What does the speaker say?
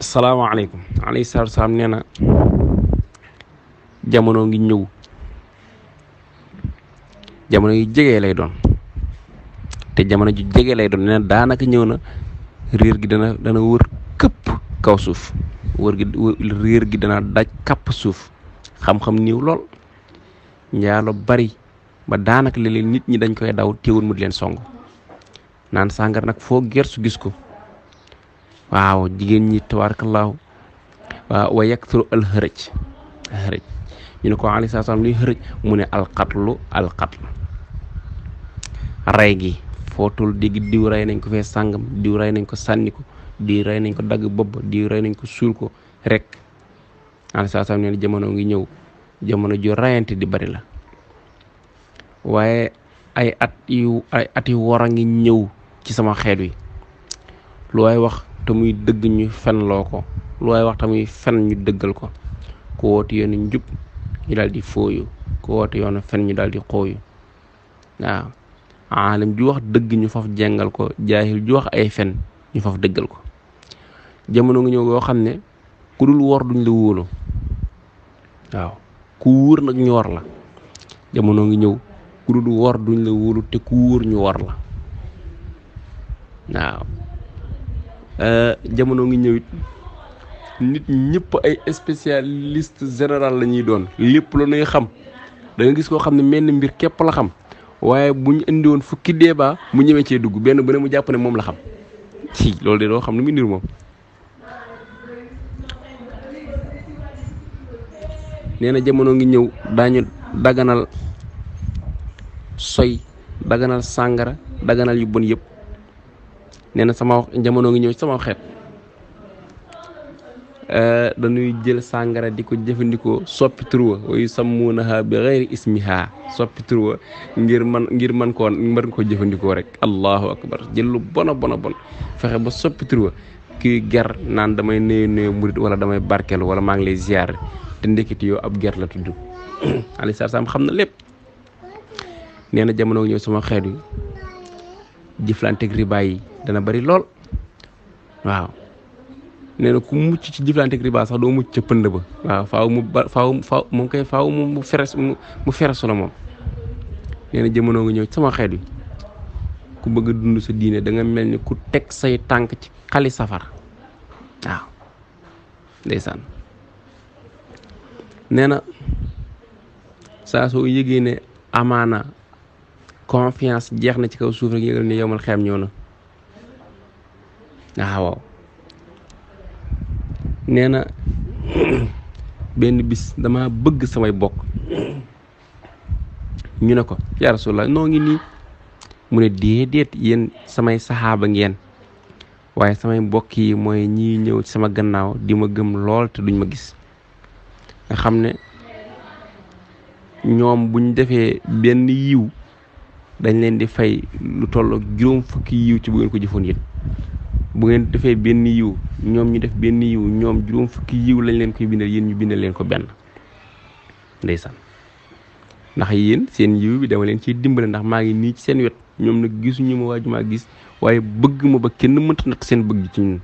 salaamaaleykum alayhi salaatu salaam nee na jamono ngi ñëw jamono yu jege lay doon te jamono ju jege lay doon nee daanaka ñëw na réer gi dana dana këpp kaw suuf wër gi dana daj kapp suuf xam-xam niiw lool njaalo bari ba daanaka léeg-léeg nit ñi dañ koy daw téewul mu di leen song naan sàngar nag foo gersu gis ko waaw jigéen ñi tabaarakallahu waaw wa yakthuru al xërëj xërëj ñu ko ali salaatu salaam luy xërëj mu ne al qatl ray gi fotul dig diw ray nañ ko fe sangam diw ray nañ ko di ray nañ ko dag bob di ray nañ ko sul ko rek ali salaatu salaam nee jamono ngi ñew jamono ju rayante di bari la waye ay at yu ay at yu war ci sama wi lu wax te dëgg ñu fenloo ko lu waaye wax te muy fen ñu dëggal ko ku woote yoonu njub ñu daal di fooyu ku woote yoonu fen ñu daal di xooyu waaw aalim ju wax dëgg ñu faf jengal ko jaahil ju wax ay fen ñu faf dëggal ko jamono ngi ñëw goo xam ne ku dul wor duñ la wóolu waaw ku wóor nag ñu war la jamono ngi ñëw ku dul wor duñ la wóolu te ku wóor ñu war la waaw Euh, jamono ngi ñëwit nit ñëpp ay spécialiste général la ñuy doon lépp la ñuy xam da gis koo xam ne menn mbir képp la xam waaye bu ñu indi woon fukki débat mu ñëwee cee dugg benn bu ne mu jàpp ne moom la xam ci loolu de doo xam ne mu ndir moom nee na jamono ngi ñëw daañu daganal soy daganal sàngara daganal yu bon yëpp nee na sama jamono ngi ñew sama euh dañuy jël sangara di ko soppi truwa way samunaha bi ismiha soppi truwa ngir man ngir man ko mën ko jëfëndiko rek allahu akbar jël lu bono bono bon fexé ba soppi truwa ki ger naan damay neuy neuy murid wala damay barkel wala ma ngi lay ziar te ndekiti yo ab ger la tuddu ali sar sam xamna lepp lépp jamono na ñew sama xet yi jëflanteeg ribaay yi dana bari lool waaw nee ku mucc ci jëflanteeg riba sax doo mucc ca pënd ba waaw faaw mu ba faaw mu fere mu feresu la moom nee nga ñëw sama xeet yi ku bëgg a dund sa diine da nga mel ni ku teg say tànk ci xali safar waaw ndeysaan nee na saa soo yëgee ne amaana confiance jeex na ci kaw suuf rek yëgal ne yomal xeem ñëw na waaw nee na benn bis dama bëgg samay bokk ñu ne ko yaa rasulallah noo ngi nii mu ne déedéet yéen samay saxaaba ngeen waaye samay mbokk yi mooy ñi ñëw sama gannaaw di ma gëm lool te duñ ma gis nga xam ne ñoom buñ defee benn yiw dañ leen di fay lu toll juróom fukki yiw ci bu ngeen ko jëfoon yéen bu ngeen defee benn yiw ñoom ñu def benn yiw ñoom juróom fukki yiw lañ leen koy bindal yéen ñu bindal leen ko benn ndeysaan ndax yéen seen yiw bi dama leen ciy dimbale ndax maa ngi nii ci seen wet ñoom nag gisuñu ma waaju maa gis waaye bëgg ma ba kenn mënta natt seen bëgg ci ñun